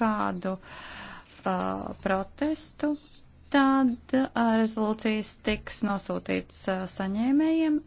kādu uh, protestu, tad uh, rezolūcijas tiks nosūtīts uh, saņēmējiem.